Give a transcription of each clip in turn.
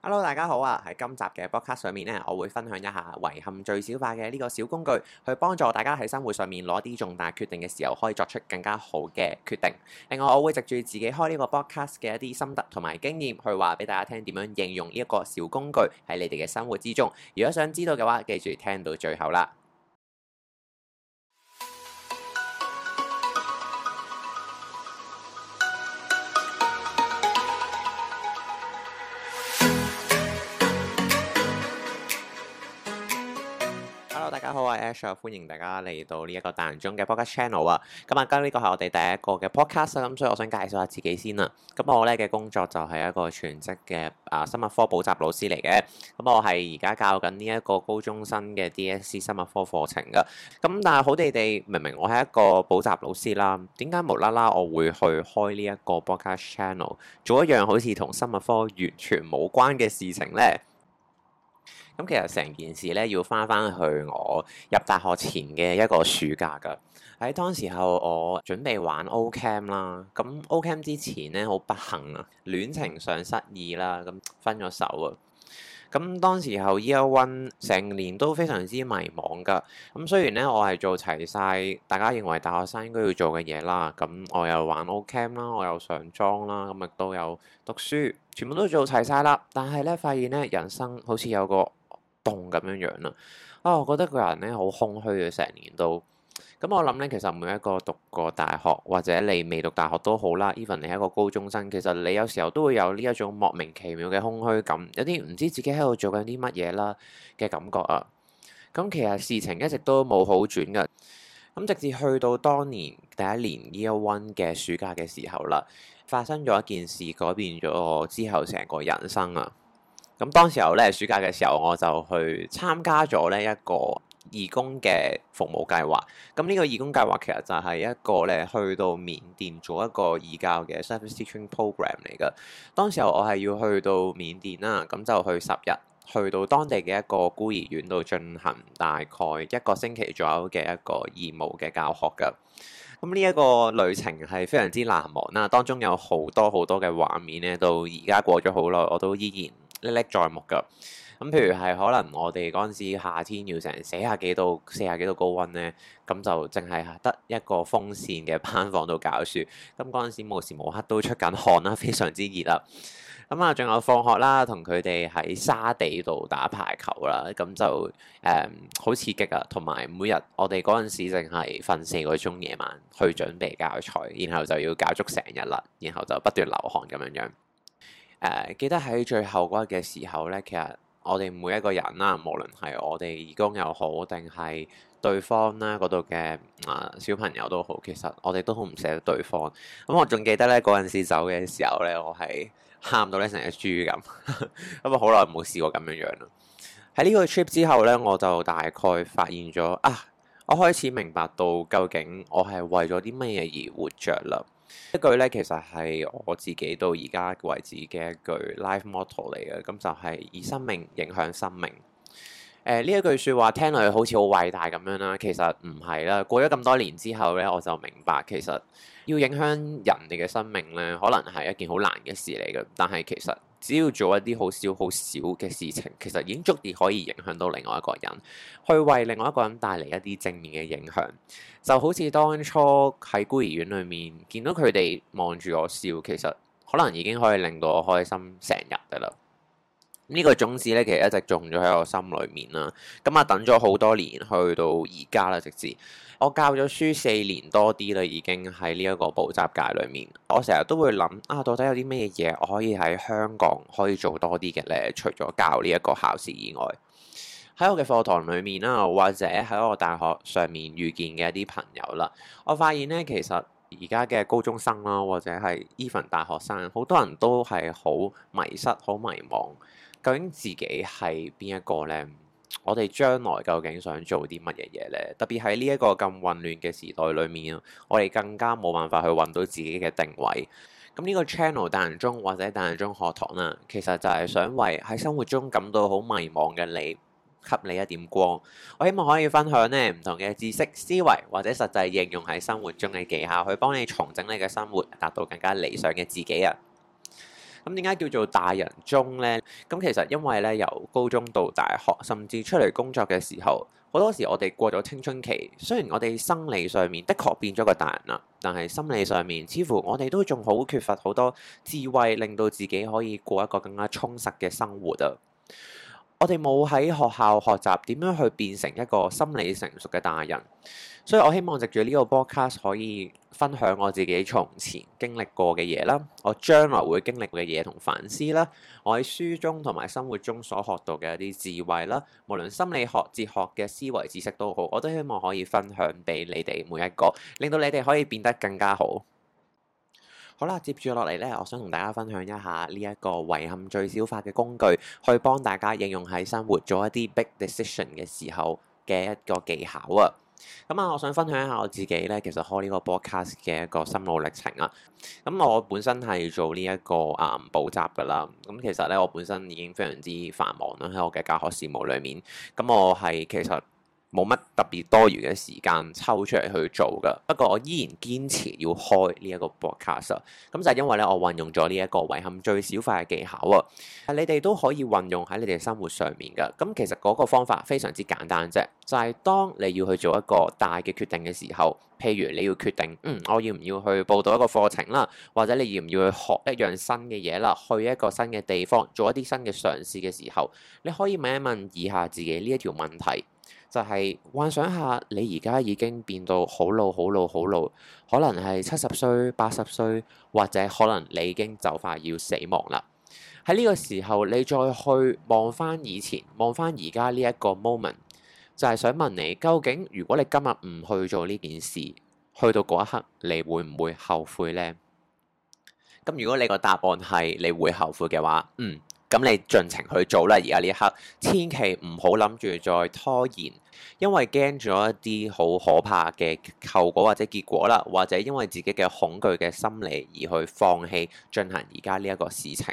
Hello，大家好啊！喺今集嘅 podcast 上面咧，我會分享一下遺憾最小化嘅呢個小工具，去幫助大家喺生活上面攞啲重大決定嘅時候，可以作出更加好嘅決定。另外，我會藉住自己開呢個 podcast 嘅一啲心得同埋經驗，去話俾大家聽點樣應用呢一個小工具喺你哋嘅生活之中。如果想知道嘅話，記住聽到最後啦。大家好我係，Ash 啊，歡迎大家嚟到呢一個大人中嘅 Podcast Channel 啊。今日今呢個係我哋第一個嘅 Podcast 咁所以我想介紹下自己先啊。咁我咧嘅工作就係一個全職嘅啊生物科補習老師嚟嘅。咁我係而家教緊呢一個高中生嘅 DSE 生物科課程噶。咁但係好地地，明明我係一個補習老師啦，點解無啦啦我會去開呢一個 Podcast Channel，做一樣好似同生物科完全冇關嘅事情呢。咁其實成件事咧，要返返去我入大學前嘅一個暑假㗎。喺當時候，我準備玩 O camp 啦。咁 O camp 之前咧，好不幸啊，戀情上失意啦，咁分咗手啊。咁當時候、e、year one 成年都非常之迷茫㗎。咁雖然咧，我係做齊晒大家認為大學生應該要做嘅嘢啦。咁我又玩 O camp 啦，我又上莊啦，咁亦都有讀書，全部都做齊晒啦。但係咧，發現咧，人生好似有個～咁樣樣啦，啊，我覺得個人咧好空虛嘅成年都、啊、咁、嗯、我諗咧，其實每一個讀過大學或者你未讀大學都好啦，even 你係一個高中生，其實你有時候都會有呢一種莫名其妙嘅空虛感，有啲唔知自己喺度做緊啲乜嘢啦嘅感覺啊、咁、嗯、其實事情一直都冇好轉噶、咁、嗯、直至去到當年第一年 Year One 嘅暑假嘅時候啦，發生咗一件事，改變咗我之後成個人生啊。咁當時候咧，暑假嘅時候，我就去參加咗呢一個義工嘅服務計劃。咁呢個義工計劃其實就係一個咧去到緬甸做一個義教嘅 service teaching program 嚟嘅。當時候我係要去到緬甸啦，咁就去十日，去到當地嘅一個孤兒院度進行大概一個星期左右嘅一個義務嘅教學㗎。咁呢一個旅程係非常之難忘啦，當中有好多好多嘅畫面咧，到而家過咗好耐，我都依然歷歷在目㗎，咁譬如係可能我哋嗰陣時夏天要成四十幾度，四十幾度高溫咧，咁就淨係得一個風扇嘅班房度教書，咁嗰陣時無時無刻都出緊汗啦，非常之熱啊！咁啊，仲有放學啦，同佢哋喺沙地度打排球啦，咁就誒好刺激啊！同埋每日我哋嗰陣時淨係瞓四個鐘夜晚去準備教材，然後就要搞足成日啦，然後就不斷流汗咁樣樣。誒記得喺最後嗰日嘅時候呢，其實我哋每一個人啦，無論係我哋義工又好，定係對方啦嗰度嘅啊小朋友都好，其實我哋都好唔捨得對方。咁我仲記得呢嗰陣時走嘅時候呢，我係喊到咧成隻豬咁，咁啊好耐冇試過咁樣樣啦。喺呢個 trip 之後呢，我就大概發現咗啊，我開始明白到究竟我係為咗啲乜嘢而活着啦。一句咧，其實係我自己到而家為止嘅一句 life motto 嚟嘅，咁就係、是、以生命影響生命。誒、呃，呢一句説話聽落去好似好偉大咁樣啦，其實唔係啦。過咗咁多年之後咧，我就明白其實要影響人哋嘅生命咧，可能係一件好難嘅事嚟嘅。但係其實只要做一啲好少好少嘅事情，其實已經足以可以影響到另外一個人，去為另外一個人帶嚟一啲正面嘅影響。就好似當初喺孤兒院裏面見到佢哋望住我笑，其實可能已經可以令到我開心成日噶啦。呢、嗯呢個種子咧，其實一直種咗喺我心裏面啦。咁、嗯、啊，等咗好多年，去到而家啦，直至。我教咗書四年多啲啦，已經喺呢一個補習界裏面。我成日都會諗啊，到底有啲咩嘢我可以喺香港可以做多啲嘅咧？除咗教呢一個考試以外，喺我嘅課堂裏面啦，或者喺我大學上面遇見嘅一啲朋友啦，我發現咧，其實而家嘅高中生啦，或者係 even 大學生，好多人都係好迷失、好迷茫，究竟自己係邊一個咧？我哋將來究竟想做啲乜嘢嘢呢？特別喺呢一個咁混亂嘅時代裏面，我哋更加冇辦法去揾到自己嘅定位。咁呢個 channel 大人中或者大人中學堂啦，其實就係想為喺生活中感到好迷茫嘅你，給你一點光。我希望可以分享呢唔同嘅知識、思維或者實際應用喺生活中嘅技巧，去幫你重整你嘅生活，達到更加理想嘅自己啊！咁點解叫做大人中呢？咁其實因為咧，由高中到大學，甚至出嚟工作嘅時候，好多時我哋過咗青春期。雖然我哋生理上面的確變咗個大人啦，但係心理上面，似乎我哋都仲好缺乏好多智慧，令到自己可以過一個更加充實嘅生活啊！我哋冇喺學校學習點樣去變成一個心理成熟嘅大人，所以我希望藉住呢個 broadcast 可以分享我自己從前經歷過嘅嘢啦，我將來會經歷嘅嘢同反思啦，我喺書中同埋生活中所學到嘅一啲智慧啦，無論心理學、哲學嘅思維知識都好，我都希望可以分享俾你哋每一個，令到你哋可以變得更加好。好啦，接住落嚟咧，我想同大家分享一下呢一個遺憾最小化嘅工具，去幫大家應用喺生活做一啲 big decision 嘅時候嘅一個技巧啊。咁、嗯、啊，我想分享一下我自己咧，其實開呢個 podcast 嘅一個心路歷程啊。咁、嗯、我本身係做呢、這、一個誒補習噶啦，咁、嗯嗯、其實咧我本身已經非常之繁忙啦，喺我嘅教學事務裏面，咁、嗯、我係其實。冇乜特別多餘嘅時間抽出嚟去做噶，不過我依然堅持要開呢一個 broadcast，咁就係因為咧，我運用咗呢一個遺憾最小化嘅技巧啊，你哋都可以運用喺你哋生活上面噶。咁其實嗰個方法非常之簡單啫，就係當你要去做一個大嘅決定嘅時候，譬如你要決定，嗯、我要唔要去報讀一個課程啦，或者你要唔要去學一樣新嘅嘢啦，去一個新嘅地方做一啲新嘅嘗試嘅時候，你可以問一問以下自己呢一條問題。就係幻想下，你而家已經變到好老、好老、好老，可能係七十歲、八十歲，或者可能你已經就快要死亡啦。喺呢個時候，你再去望翻以前，望翻而家呢一個 moment，就係想問你：究竟如果你今日唔去做呢件事，去到嗰一刻，你會唔會後悔呢？咁如果你個答案係你會後悔嘅話，嗯。咁你盡情去做啦！而家呢一刻，千祈唔好諗住再拖延，因為驚咗一啲好可怕嘅後果或者結果啦，或者因為自己嘅恐懼嘅心理而去放棄進行而家呢一個事情。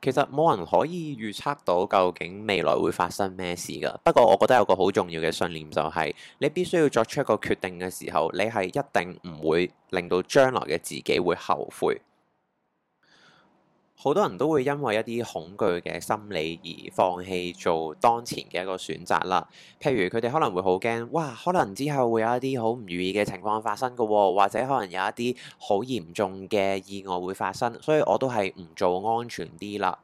其實冇人可以預測到究竟未來會發生咩事噶。不過我覺得有個好重要嘅信念就係，你必須要作出一個決定嘅時候，你係一定唔會令到將來嘅自己會後悔。好多人都會因為一啲恐懼嘅心理而放棄做當前嘅一個選擇啦。譬如佢哋可能會好驚，哇！可能之後會有一啲好唔如意嘅情況發生嘅，哦，或者可能有一啲好嚴重嘅意外會發生。所以我都係唔做安全啲啦。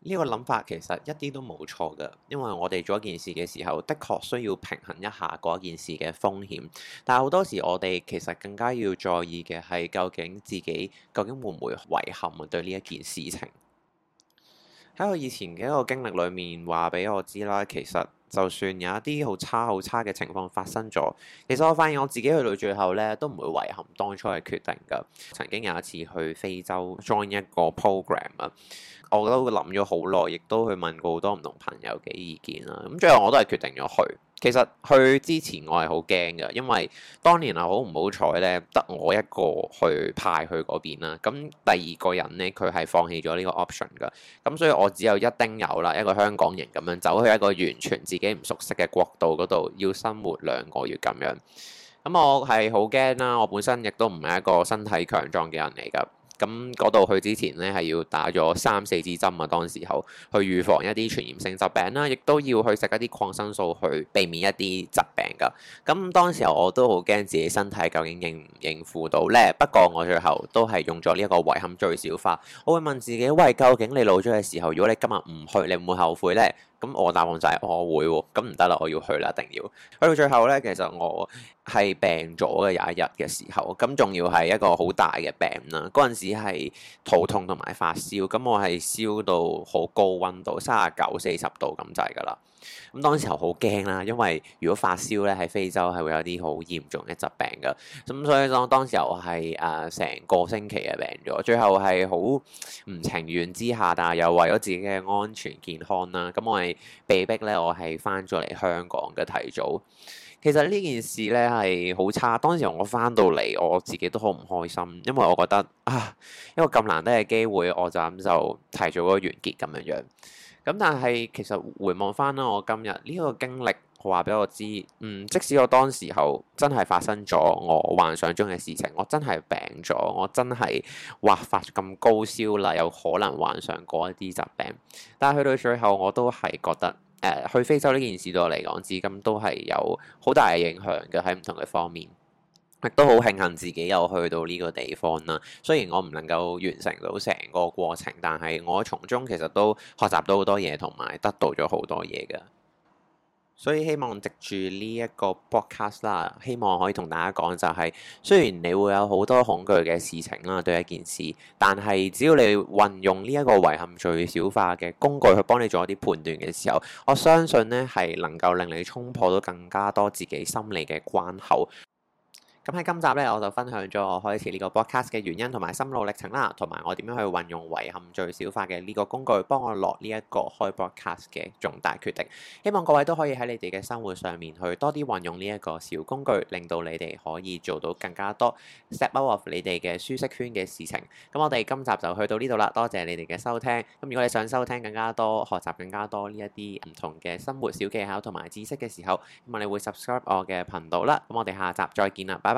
呢個諗法其實一啲都冇錯嘅，因為我哋做一件事嘅時候，的確需要平衡一下嗰件事嘅風險。但係好多時我哋其實更加要在意嘅係，究竟自己究竟會唔會遺憾對呢一件事情？喺我以前嘅一個經歷裏面，話俾我知啦，其實。就算有一啲好差好差嘅情況發生咗，其實我發現我自己去到最後咧，都唔會遺憾當初嘅決定㗎。曾經有一次去非洲 join 一個 program 啊，我都諗咗好耐，亦都去問過好多唔同朋友嘅意見啦。咁最後我都係決定咗去。其實去之前我係好驚嘅，因為當年啊好唔好彩咧，得我一個去派去嗰邊啦。咁第二個人咧，佢係放棄咗呢個 option 嘅。咁所以我只有一丁友啦，一個香港人咁樣走去一個完全自己唔熟悉嘅國度嗰度，要生活兩個月咁樣。咁我係好驚啦，我本身亦都唔係一個身體強壯嘅人嚟噶。咁嗰度去之前咧，係要打咗三四支針啊！當時候去預防一啲傳染性疾病啦，亦都要去食一啲抗生素去避免一啲疾病噶。咁當時候我都好驚自己身體究竟應唔應付到呢。不過我最後都係用咗呢一個遺憾最小化。我會問自己：「喂，究竟你老咗嘅時候，如果你今日唔去，你會唔會後悔呢？」咁我答案就係，我會喎。咁唔得啦，我要去啦，一定要。去到最後咧，其實我係病咗嘅有一日嘅時候，咁仲要係一個好大嘅病啦。嗰陣時係肚痛同埋發燒，咁我係燒到好高溫度，三十九四十度咁滯噶啦。咁當時候好驚啦，因為如果發燒咧，喺非洲係會有啲好嚴重嘅疾病噶咁所以當當時候我係誒成個星期就病咗，最後係好唔情願之下，但係又為咗自己嘅安全健康啦，咁我係被逼，咧，我係翻咗嚟香港嘅提早。其實呢件事咧係好差，當時我翻到嚟我自己都好唔開心，因為我覺得啊，一個咁難得嘅機會，我就咁就提早咗完結咁樣樣。咁但係其實回望翻啦，我今日呢個經歷話俾我知，嗯，即使我當時候真係發生咗我幻想中嘅事情，我真係病咗，我真係話發咁高燒啦，有可能患上過一啲疾病，但係去到最後我都係覺得，誒、呃，去非洲呢件事對我嚟講，至今都係有好大嘅影響嘅喺唔同嘅方面。亦都好慶幸自己又去到呢個地方啦。雖然我唔能夠完成到成個過程，但係我從中其實都學習到好多嘢，同埋得到咗好多嘢嘅。所以希望藉住呢一個 podcast 啦，希望可以同大家講就係，雖然你會有好多恐懼嘅事情啦，對一件事，但係只要你運用呢一個遺憾最小化嘅工具去幫你做一啲判斷嘅時候，我相信呢係能夠令你衝破到更加多自己心理嘅關口。咁喺今集呢，我就分享咗我開始呢個 broadcast 嘅原因同埋心路歷程啦，同埋我點樣去運用遺憾最小化嘅呢個工具，幫我落呢一個開 broadcast 嘅重大決定。希望各位都可以喺你哋嘅生活上面去多啲運用呢一個小工具，令到你哋可以做到更加多 step out of 你哋嘅舒適圈嘅事情。咁我哋今集就去到呢度啦，多謝你哋嘅收聽。咁如果你想收聽更加多、學習更加多呢一啲唔同嘅生活小技巧同埋知識嘅時候，咁你會 subscribe 我嘅頻道啦。咁我哋下集再見啦，拜拜。